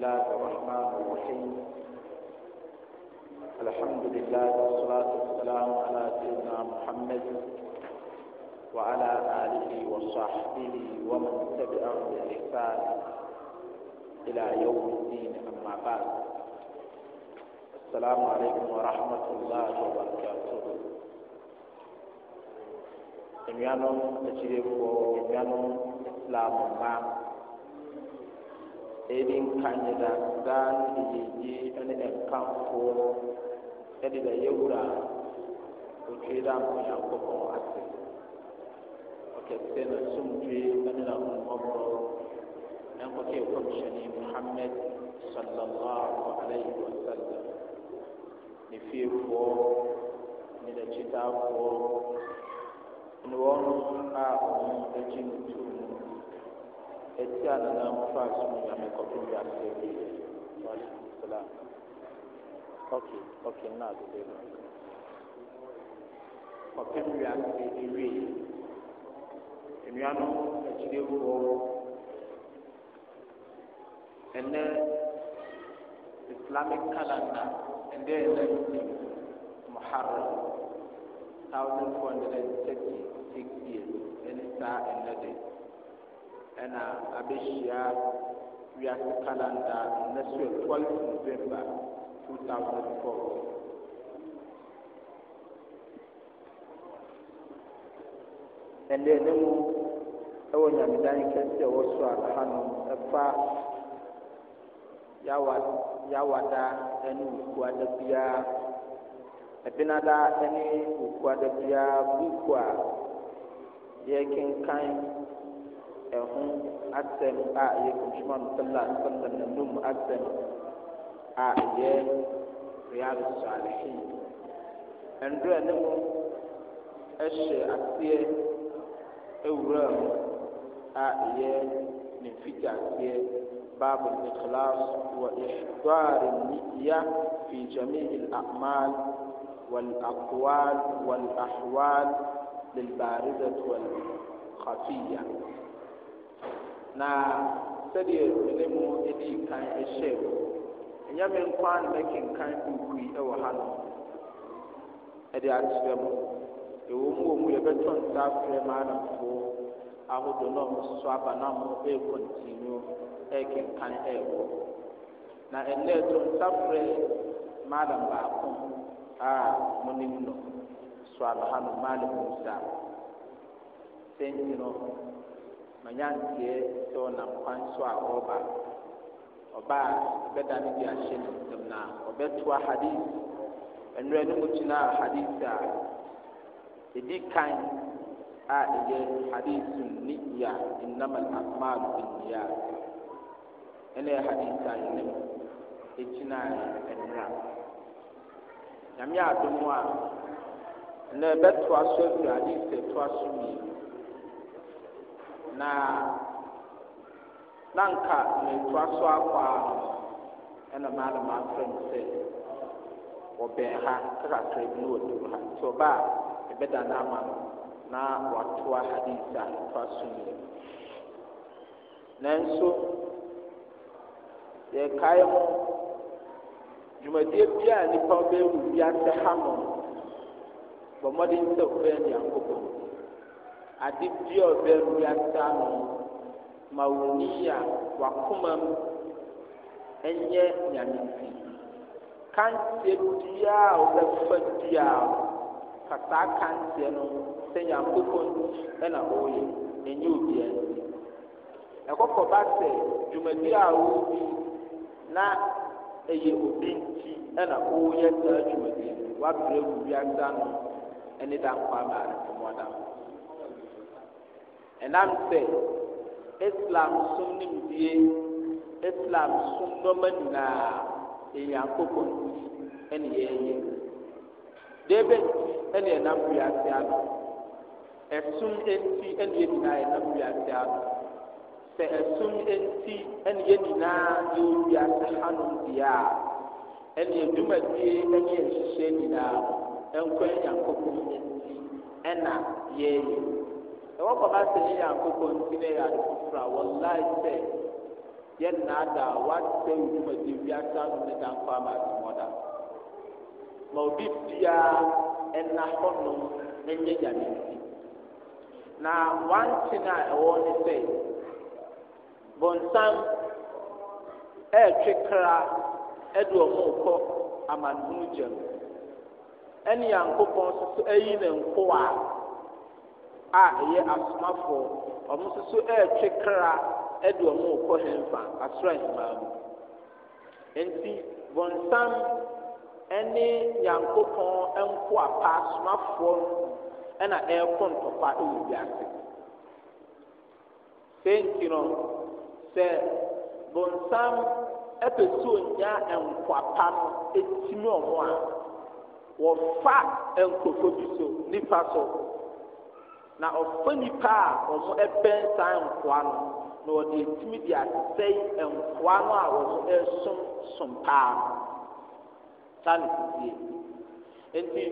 الله الرحمن الرحيم الحمد لله والصلاة والسلام على سيدنا محمد وعلى آله وصحبه ومن تبعه بإحسان إلى يوم الدين أما بعد السلام عليكم ورحمة الله وبركاته إميانو تشريف إميانو إسلام معه ɛde nkanyeda saa ne yɛyie ne ɛnkamfoɔ ɛde da e yɛwura a otwe da nkonyankopɔn ase ɔkɛsɛ na somdwe ne n'ahommɔborɔ na nkɔkɛɛ kɔmhyɛne muhammad sallallahu alaihi wasallam ne fiefoɔ ne n'akyitaafoɔ ne wɔn a wɔn akyi no tom ɛti a nana mofa som nyame kɔpem bi asɛ bi waaleykum salam ok ok na adede no kɔpem bi asɛ ewie nnuanom akyirifoɔ ɛnɛ islamic calendar ɛndɛ ɛnɛ muharram thousand four hundred and thirty six years ɛne saa ɛnɛ de ɛna abɛhyia wiase kalanda na twelve november two thousand four. ɛnɛ ne mu ɛwɔ nyamedan kɛseɛ ɛwɔ so a hanom ɛfa yawada ɛne okuada ɛne okuada buku atem a ɛyɛ kɔmhyɛman sallah sallam nanum atem a ɛyɛ riyadu salihin ndura ne mu ɛhyɛ aseɛ ewura mu a ɛyɛ ne mfiti aseɛ باب الإخلاص وإحضار النية في جميع الأعمال والأقوال والأحوال للباردة والخفية na sɛdeɛ mene mu dii kan hyɛɛ mu ɛnyɛ me nko a na mɛkenkan buuku yi wɔ ha no ɛde akyerɛ mo ɛwɔ mu wɔ mu yɛbɛtɔ nsa afrɛ maadamfoɔ ahodoɔ na ɔmo soso aba na ɔmo ɛrekɔntinu ɛrekenkan ɛrekɔ na ɛnnɛ ɛtɔ nsa frɛ maadam baako a monim no so aba ha no maadam nsa sɛnti no manyanteɛ sɛ ɔnam kwan so a ɔreba ɔbaa bɛda ne de ahyɛ ne nsam na ɔbɛtoa hadis mmerɛ no mu gyinaa hadis a ɛdi kan a ɛyɛ hadis nniya innama al-akmalu binniya ɛne yɛ hadis a yɛnam ɛgyinaeɛ mmerɛ nyame adom a na ɛbɛtoa so afiri hadis ɛtoa so mmienu na na anka mmetua so akɔ a ɛna maalama afrɛ me sɛ wɔbɛn ha kakra bi ne wɔduru ha nti ɔba a ɛbɛda n'ama ama no na watoa hadis a ɛtoa so nie nanso yɛkae ho dwumadie bi a nnipa bɛwu bi asɛ ha mo bɔ mmɔden sɛ wobɛyɛ nyankopɔn ade dua ɔbɛ wiasa no ma ni a wakoma mu ɛnyɛ nyame fi kanseɛ biara a wɔbɛfa dua ka saa kanseɛ no sɛ nyankopɔn nti ɛna ɔreyɛ ɛnyɛ obiara nti ɛkɔkɔ ba sɛ dwumadie a wɔredi na ɛyɛ obi nti ɛna ɔreyɛ saa dwumadie no wabrɛ wiasa no ɛne da nkwa baara ɛmɔdam ɛnam sɛ islam som nimdie islam som nɔma nyinaa ɛnyankopɔn ɛne yɛyɛ debe ɛne ɛnam wiase ano ɛsom enti ɛne yɛ nyinaa ɛnam wiase ano sɛ ɛsom enti ɛne yɛ nyinaa yɛ wiase hanom deɛ a ɛne adwumadie ɛne ɛhyehyɛ nyinaa ɛnkɔ ɛnyankopɔn enti ɛna yɛyɛ sɛ wɔkɔba sɛ yɛyɛ akokɔ nti na ɛyɛ ade foforɔ a wɔlae a woasɛ odwumadi wiasa no ne dankɔ ama atemɔda ma obi biara ahụ n'enye ɛnyɛ gyame na wankye no a ɛwɔ ne sɛ bɔnsam ɛɛtwe kra ɛde ɔmo kɔ amanhunu gyam a a ɛyɛ asomafoɔ ɔmo nso so ɛretwe kra ɛde ɔmo rekɔ hemfa asoro ahemaa mu nti bɔnsam ɛne nyankopɔn nko apa asomafoɔ ɛna ɛrekɔ ntɔkwa ɛwɔ wiase sei nti no sɛ bɔnsam ɛpɛ sɛ onya nkwapa no ɛtimi ɔmo a wɔfa nkoko bi so nipa so na ɔfa nnipa a ɔmo ɛbɛn saa nkoa no na ɔde etimi de asɛe nkoa no a wɔmo ɛsom som paa saa ne sisie nti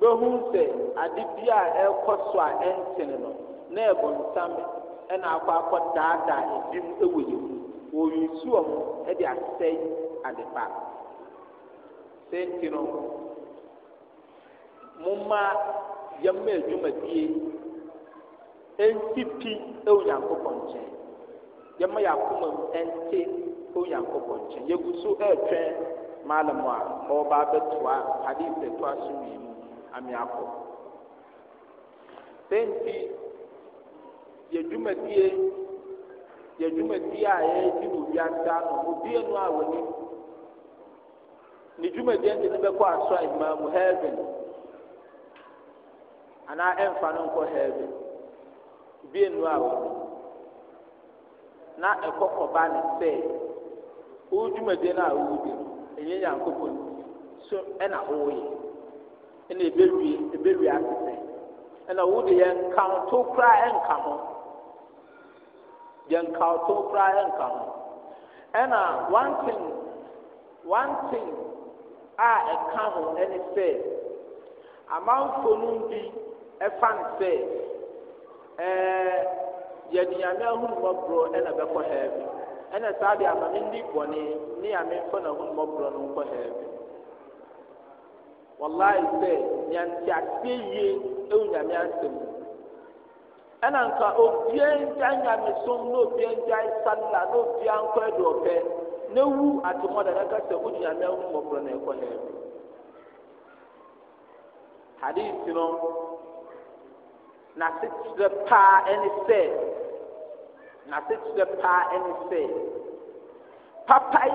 bɛhu sɛ ade bi a ɛrekɔ so a ɛntene no na ɛbɔnsam ɛna akɔ akɔ daadaa ebim ɛwɔ yɛ mu ade pa nti no yɛmma adwumadie ɛnti pi ɛwɔ nyankopɔn nkyɛn yɛmma yɛ akoma mu ɛnte ɛwɔ nyankopɔn nkyɛn yɛgu so ɛretwɛn maalamu a ɔreba abɛtoa hadith ɛtoa so mmienu ame akɔ sɛnti yɛ dwumadie yɛ dwumadie a yɛredi wɔ wiase ano obie no a wɔnim ne dwumadie no ne bɛkɔ asɔ ahima mu heaven anaa ɛmfa no nkɔ bi a wɔde na ɛkɔ kɔba ne sɛ wɔn dwumadie no a wɔredi no ɛnyɛ nyankopɔn so ɛna wɔreyɛ ɛna ɛbɛwie ɛbɛwie asesɛ ɛna wɔde yɛn nkanto koraa ɛnka ho yɛn nkanto ɛna one thing a ɛka ho ɛne sɛ no bi. ɛfa ne sɛ ɛɛ yɛde nyame ahonumɔborɔ ɛna bɛkɔ haa bi ɛna saa de ama me nni bɔne ne nyame mfa n'ahonumɔborɔ no nkɔ haa bi wallahi sɛ nyante aseɛ yie ɛwɔ nyame asɛm ɛna nka obia ngya nyamesom na obia ngya salla na obia nkɔ aduɔpɛ na wu atemɔda na kasa wode nyame ahonumɔborɔ na ɛkɔ haa bi no na sitere paa ɛne sɛ sitere paa ɛne sɛ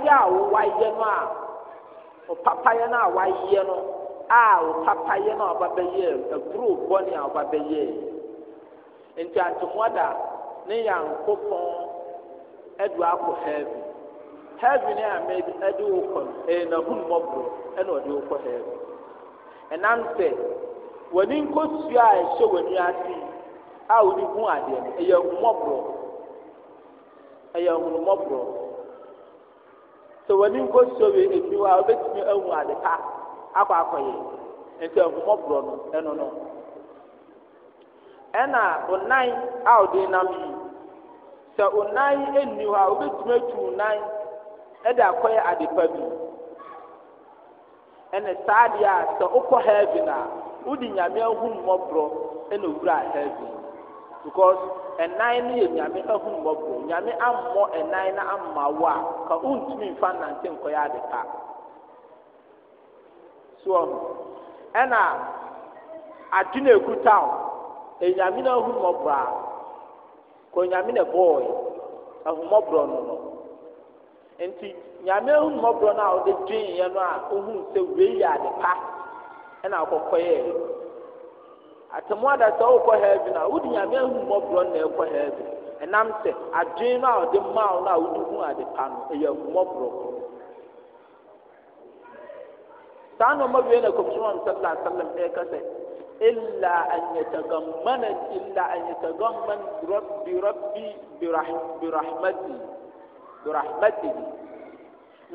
yi a wɔayɛ no a ɔpapayɛ no a wɔayɛ no a ɔpapayɛ no a ɔba ɔbabɛyɛɛ aburo bɔne a ɔba ɔbabɛyɛɛ nti antemoada ne nyankopɔn adu akɔ heaven heaven a mɛde ɛde wo kɔ no ɛyɛ e n'ahum mmɔborɔ ɛna e ɔde wo kɔ heaven w'ani nkosua a ɛhyɛ w'ani ase a wòde hu adeɛ no ɛyɛ ahomɔborɔ ɛyɛ ahomɔborɔ sɛ w'ani nkosua wei ebi hɔ a wobɛtumi ahu ade pa akɔ akɔyɛ nti ahomɔborɔ no ɛno no ɛna onan a wòde nam yi sɛ onan eni hɔ a wobɛtumi atu onan ɛde akɔyɛ ade pa bi. ɛne saa deɛ a sɛ wokɔ heaven a wode nyame ahummɔborɔ ɛna owura heaven because ɛnan no yɛ nyame ahummɔborɔ nyame ammɔ ɛnan no amma wo a ka wontumi mfa nnante nkɔyɛ ade pa soɔ ho ɛna adwene ɛkuta wo ɛnyame no ahummɔborɔ a kɔ nyame no ɛbɔɔɛ ahummɔborɔ no no nti nyame ahu mmɔborɔ no a wɔde dweneeɛ no a wohuu sɛ wei yɛ ade pa ɛna akɔkɔyɛɛ ya sɛ wokɔ heaven a wode nyame ahu mmɔborɔ na ɛkɔ heaven ɛnam sɛ adwene no a wɔde maa no a wode hu ade pa no ɛyɛ ahummɔborɔ saa nnoɔma wiei na kɔmhyɛm sala salam ɛka sɛ illa an yatagammanat illa an yatagamman bi rabbi bi rahmati birahmatihi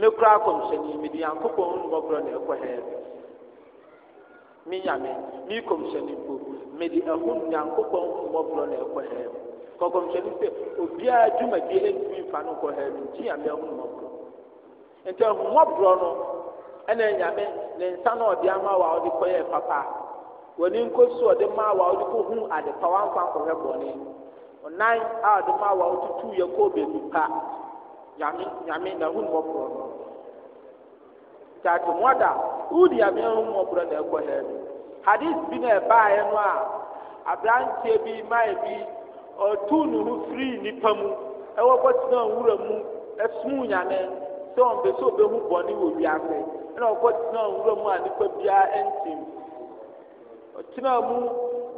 me kora kɔmhyɛni mede nyankopɔn nnubɔborɔ ne ɛkɔhɛɛ me nyame me kɔmhyɛni mpo mede ɛho nyankopɔn nnubɔborɔ ne ɛkɔhɛɛ kɔkɔmhyɛni sɛ obiara dwumadie ɛntumi mfa no nkɔhɛɛ no nti nyame ɛho nnubɔborɔ nti ɛhommɔborɔ no ɛna nyame ne nsa na ɔde ama wɔ a wɔde kɔyɛɛ papa wɔne nkosu ɔde maa wɔ a wɔde kɔhu adepa wɔamfa nkɔhwɛ bɔne ɔnan a ɔde maa wɔ a yɛ kɔɔ baabi pa nyame nyame na hu mmɔborɔ no gyaagye mmoada wodi nyame hu mmɔborɔ na ɛkɔ ha no hadis bi na ɛbaeɛ no a aberanteɛ bi mae bi ɔtuu ne ho firii nnipa mu ɛwɔ kɔtena nwura mu ɛsomuu nyame sɛ ɔmbɛsɛ ɔbɛhu bɔne wɔ wiase ɛna ɔkɔtena nwura mu a nnipa biara ɛntim ɔtena mu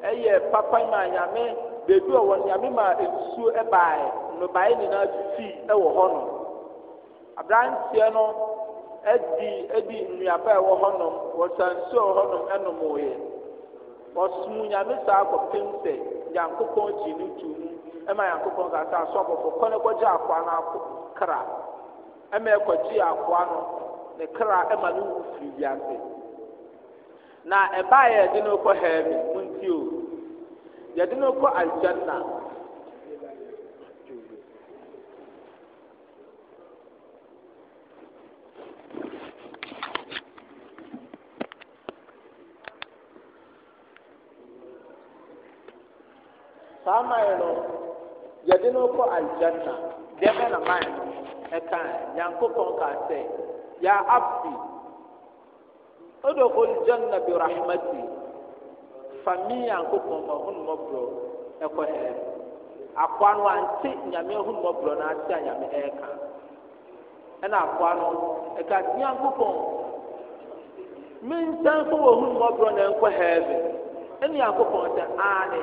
ɛyɛ papa ma nyame beebi ɔwɔ nyame ma nsuo ɛbaeɛ nnobaeɛ nyinaa fifii ɛwɔ hɔnom aberanteɛ no adi adi nnuaba a ɛwɔ hɔnom wɔsansuo wɔ hɔnom ɛnomoeɛ ɔsom nyame saa kɔpem sɛ nyankopɔn gyi no tu mu ɛma nyankopɔn ka sɛ aso abɔfo kɔ ne kɔgye akoa no ako kra ɛma ɛkɔgye akoa no ne kra ɛma no wu firi wiase na ɛbaa yɛde no kɔ hɛɛmi mu nti o yɛde no kɔ aljanna saa mmaeɛ no yɛde no kɔ aljanna deɛ bɛ na mmaeɛ no ɛkae nyankopɔn kaa sɛ ya abdi odokol janna bi rahmati fami mi nyankopɔn ma honmmɔborɔ ɛkɔ hɛɛ akoa no ante nyame honmmɔborɔ no ase a nyame ɛɛka ɛna akoa no ɛka nyankopɔn mensan fo wɔ honmmɔborɔ na ɛnkɔ hɛɛ bi ɛne nyankopɔn sɛ aane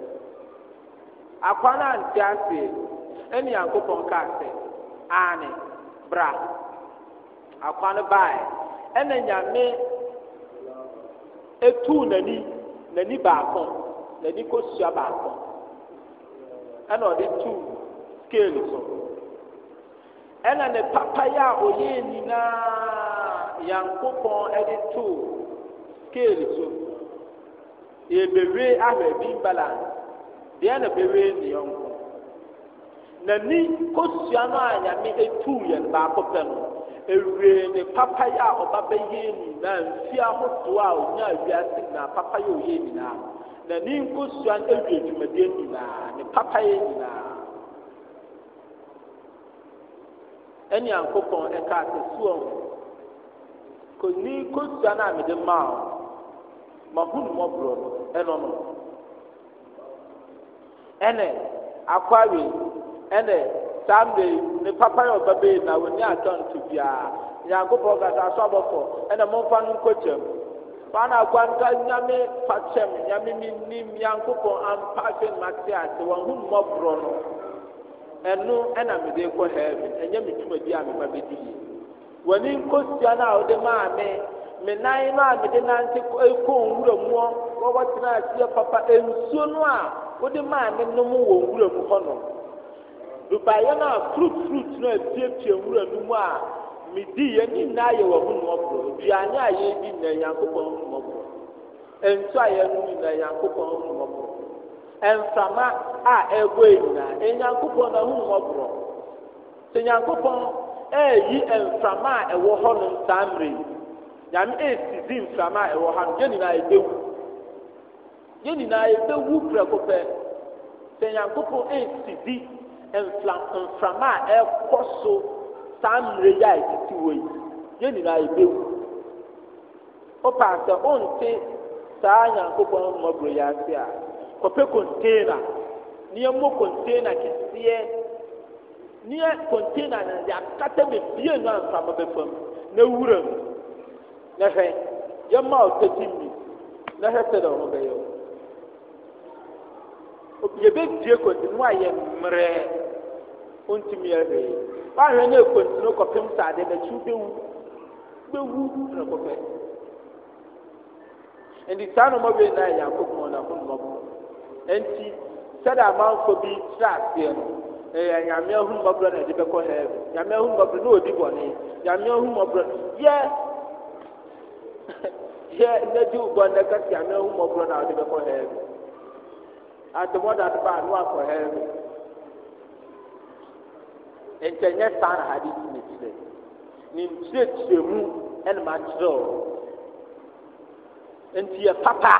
akwan a nte aseɛ ɛne nyankopɔn kaa sɛ aane bra akwan baeɛ ɛna nyame etuu n'ani n'ani baako n'ani kosua baako ɛna ɔde tuu skeeli so ɛna ne papa yi a ɔyɛɛ nyinaa nyankopɔn ɛde tuu skeeli so yɛ bebree ahwɛ bi balance. deɛ na bɛwee nneɛ nko n'ani kosua no a nyame etuu yɛn baako pɛ no ewie ne papayɛ a ɔba bɛyɛ nyinaa mfi ahodoɔ a onya si na papa papayɛ oyɛ nyinaa n'ani nkosua no ewie dwumadie nyinaa ne papayɛ nyinaa ɛne ankopɔn ɛka asesuo ho koni kosua no a mede maa ma ho no mɔborɔ no ɛno no ɛne akwari ɛne saa ne papa yɛ na wɔni atɔnto biara nyankopɔn kasa asɔ abɔfo ɛna momfa no nkɔkyɛm fana akwanta nyame fa nyame me nim nyankopɔn ampa afei mate ase wɔn ho mmɔborɔ no ɛno ɛna mede kɔ heaven ɛnyɛ me a meba bɛdi yie wɔne nkosua no a wode maa me me nan no a mede nante kɔ nwura wɔwɔtena aseɛ papa e no a wode maa ne nom wɔ nwura mu hɔnom dubayɛ no a frut frut no apiepie nwura no mu a medii ne nyinaa yɛ wɔ ho aduane a yɛdi nyina nyankopɔn ho noɔborɔ ntu a yɛnom nyina nyankopɔn ho noɔborɔ mframa a ɛbɔ nyinaa ɛnyankopɔn na ho noɔborɔ sɛ nyankopɔn ɛɛyi mframa a ɛwɔ saa mmerɛ yi nyame mframa a ɛwɔ nyinaa yɛn nyinaa yɛbɛwu prɛko pɛ sɛ nyankopɔn ɛsidi mfra mframa a ɛrekɔ so saa mmerɛ yi a ɛtete wɔ yi yɛn nyinaa yɛbɛwu wopaa sɛ wonte saa nyankopɔn mmɔborɔ yi ase a kɔpɛ kɔnteena nneɛma kɔnteena kɛseɛ nneɛ kɔnteena no de akata bebie no a mframa bɛfa mu na wura mu na hwɛ yɛma ɔtɔ ti mi na hwɛ sɛ dɛ ɔmo bɛyɛ o yɛbɛdie kontinu a yɛ mmerɛ ɔntumi ɛhwee wahwɛ ne kontinu kɔpem sɛ adeɛ n'akyi bɛwu bɛwu na kɔpɛ nti saa nɔɔma wei na yɛ akokɔn na ho nɔɔma nti sɛdeɛ amanfoɔ bi kyerɛ aseɛ no ɛyɛ nyame ahomɔborɔ na ɛde bɛkɔ hɛɛbi nyame ahomɔborɔ na ɔdi bɔne nyame ahomɔborɔ yɛ yɛ nnadi bɔne kɛse nyame ahomɔborɔ na ɔde bɛkɔ hɛɛbi at the modern bar no are for helmet nkyɛ nyɛ saa na hadi ti ne ne mu ɛna ma papa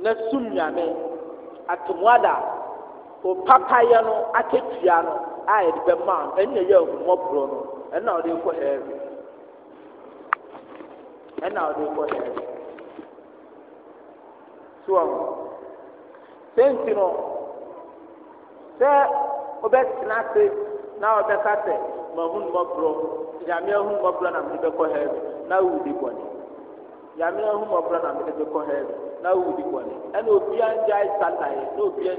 na sum nyame o papa yɛ no akatua no a yɛde bɛma no ɛnna yɛ ahumɔborɔ no ɛnna ɔde kɔ hɛɛre ɛnna ɔde kɔ hɛɛre so ɔmo. saa nti no sɛ ase na wɔbɛka sɛ mahunu mmɔborɔ nyame na mede bɛkɔ na wudi bɔne nyame ahunu mmɔborɔ na mede bɛkɔ na wudi bɔne ɛna obia ngyae satayɛ na obia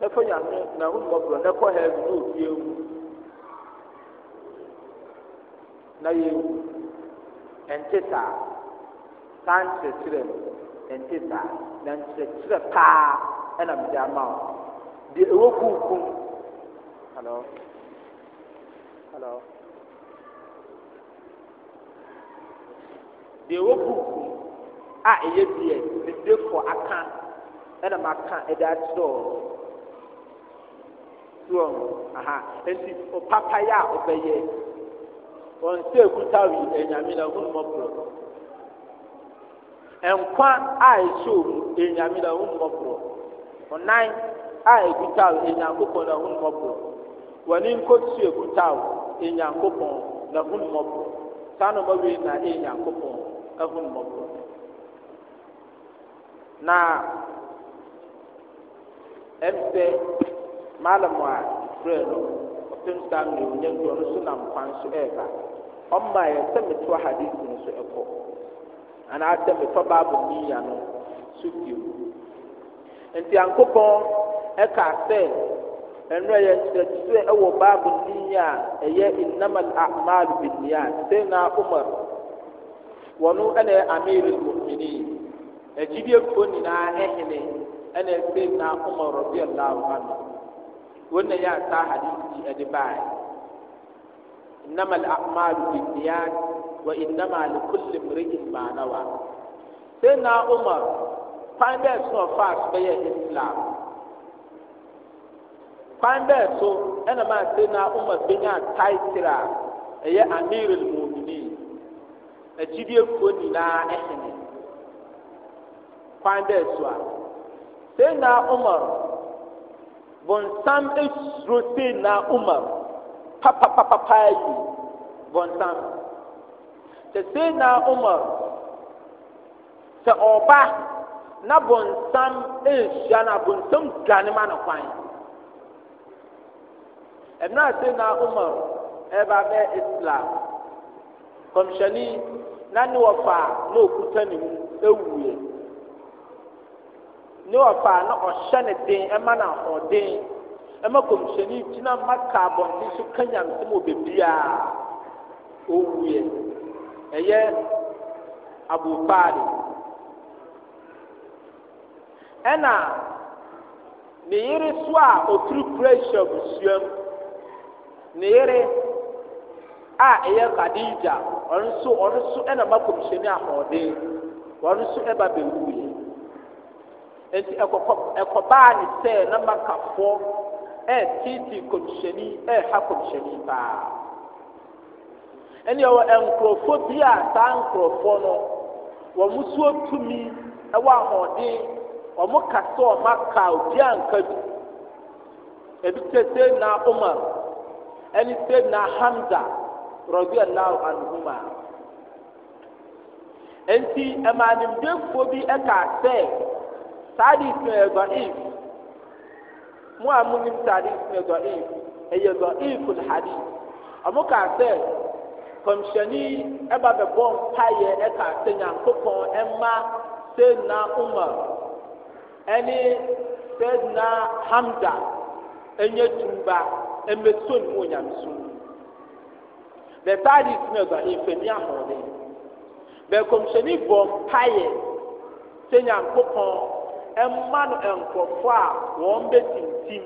na ɛkɔ hɛɛre na obia wu na ɛnte saa saa nkyerɛkyerɛ no ɛnte saa na nkyerɛkyerɛ paa ɛna mede ama wo deɛ ɛwɔ kuukum halo halo deɛ ɛwɔ kuukum a ɛyɛ deɛ nimdefoɔ aka ɛna maka ɛde akyerɛ wɔ soɔ aha nti ɔpapa yɛ a ɔbɛyɛ ɔnsɛ kuta wi ɛnyame e na ɔhunu mɔborɔ nkwa a ɛhyɛw mu enyame na ahommɔborɔ ɔnan a ɛkutaw enyankopɔn na ahommɔborɔ wɔne nkɔsu ekutaw enyankopɔn na ahommɔborɔ saa na ɔmawei na enyankopɔn ahommɔborɔ na ɛm a no no so nam kwan so yɛ sɛ so ɛkɔ anaasɛ metɔ bible miya no so bio nti ankopɔn ɛka sɛ ɛnora yɛ nkyerɛkyerɛ ɛwɔ bible miya a ɛyɛ innamal a'malu binniyat sɛna umar wɔno ɛna yɛ amirul mu'minin agyidiefoɔ nyinaa ɛhene ɛna sɛna umar radiallahu anhu wɔn na yɛ asaa hadisi ɛde baeɛ innamal a'malu binniyat wa innama li kulli mri'in ma nawa sai na umar kwan bɛɛ so ɔfa so bɛyɛ islam kwan bɛɛ so ɛna maa sai na umar benya taitir a ɛyɛ amirul muminin agyidiefoɔ nyinaa ɛhene kwan bɛɛ so a sai na umar bɔnsam esuro sai na umar papapapa yi bɔnsam sɛ sei na omar sɛ ɔba na bɔnsam ɛnhyia e no a bɔnsam dwane ma no kwan ɛmmerɛ a sei na omar ɛba e bɛyɛ islam kɔmhyɛni na ne wɔfa na ɔkuta ne mu ɛwuiɛ ne wɔfa na ɔhyɛ ne den ɛma e na ɔden ɛma kɔmhyɛni gyina maka abɔnten so ka nyamsɛm wɔ beebiara ɔwuiɛ ɛyɛ abubaali ɛna ne yere so a ofiri pressure busuam ne yere a ɛyɛ kadija ɔno nso ɔno nso ɛna ma kɔmhyɛni ahoɔden ɔno nso ɛba bɛwuiɛ nti ɛkɔkɔ ɛkɔbaa ne sɛ na makafoɔ ɛɛtiitii kɔmhyɛni ɛɛha kɔmhyɛni paa. ɛneɛ wɔ nkurɔfɔ bi a saa nkurɔfɔ no wɔ mosuo tumi ɛwɔ ahoɔden ɔmo kasɛ ɔma kaw bia anka bi ebi na tɛ sedna omar ɛne sedna hamsa radiallahu anhuma enti ɛmaanimdefoɔ bi ɛkaa sɛ saa de sɛ ɛdɔ if mu a monim saa de sɛ ɛdɔ if ɛyɛ dɔ if hadith ɔmo ka sɛ kɔmhyɛni ɛba bɛbɔ mpaeɛ ɛka sɛ nyankopɔn ɛma sɛdina umar ɛne sɛdina hamda ɛnyɛ tumba ɛmɛso ne mu onyameso bɛsaa de tumi aguane mfani ahoɔden bɛkɔmhyɛni bɔ mpaeɛ sɛ nyankopɔn ɛma no nkurɔfoɔ a wɔn bɛtintim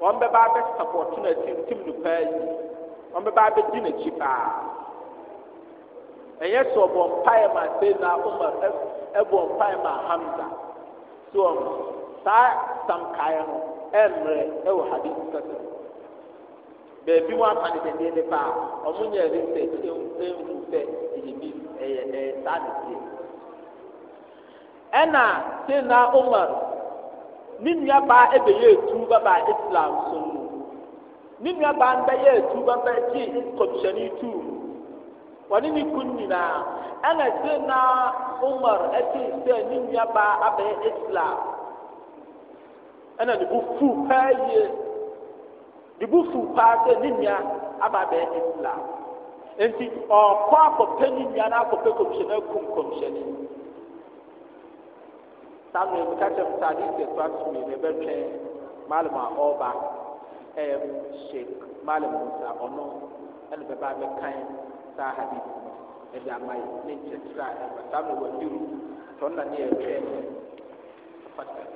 wɔn bɛba abɛsapɔto no atintim no paa yi wɔn bɛba abɛgye n'akyi paa ɛnyɛ sɛ ɔbɔ mpae ma sɛna umar ɛbɔ mpae ma hamza so wɔn saa samkaeɛ no ɛmmerɛ ɛwɔ hadith kasa beebi mu afa ne dɛdeɛ ne paa wɔn nyɛ research ehu sɛ ɛyɛ bi ɛyɛ ɛyɛ saa ne tie ɛna sɛna umar ne nuabaa ɛbɛyɛ etu babaa islam so mu ne nuabaa no bɛyɛ atu bɛbɛgye nkɔmhyɛne tu? wɔne ne kun nyinaa ɛna se na umar ɛtee sɛ ne nuabaa abɛyɛ islam ɛna ne bo fuu paa yie ne bo fuu paa sɛ ne nua aba abɛyɛ islam nti ɔkɔ akɔpɛ ne nua no akɔpɛ kɔmhyɛne akum kɔmhyɛne saa mmerɛ mu ka kyɛm sɛ ade sɛ to ato mmienu ɛbɛtwɛn malama ɔreba ɛyɛ sheik malam musa ɔno ɛna bɛba abɛkan saa hadith ɛde ama yi ne nkyɛnkyerɛ a ɛba saa na wɔdiw tɔn na ne yɛ twɛ no fata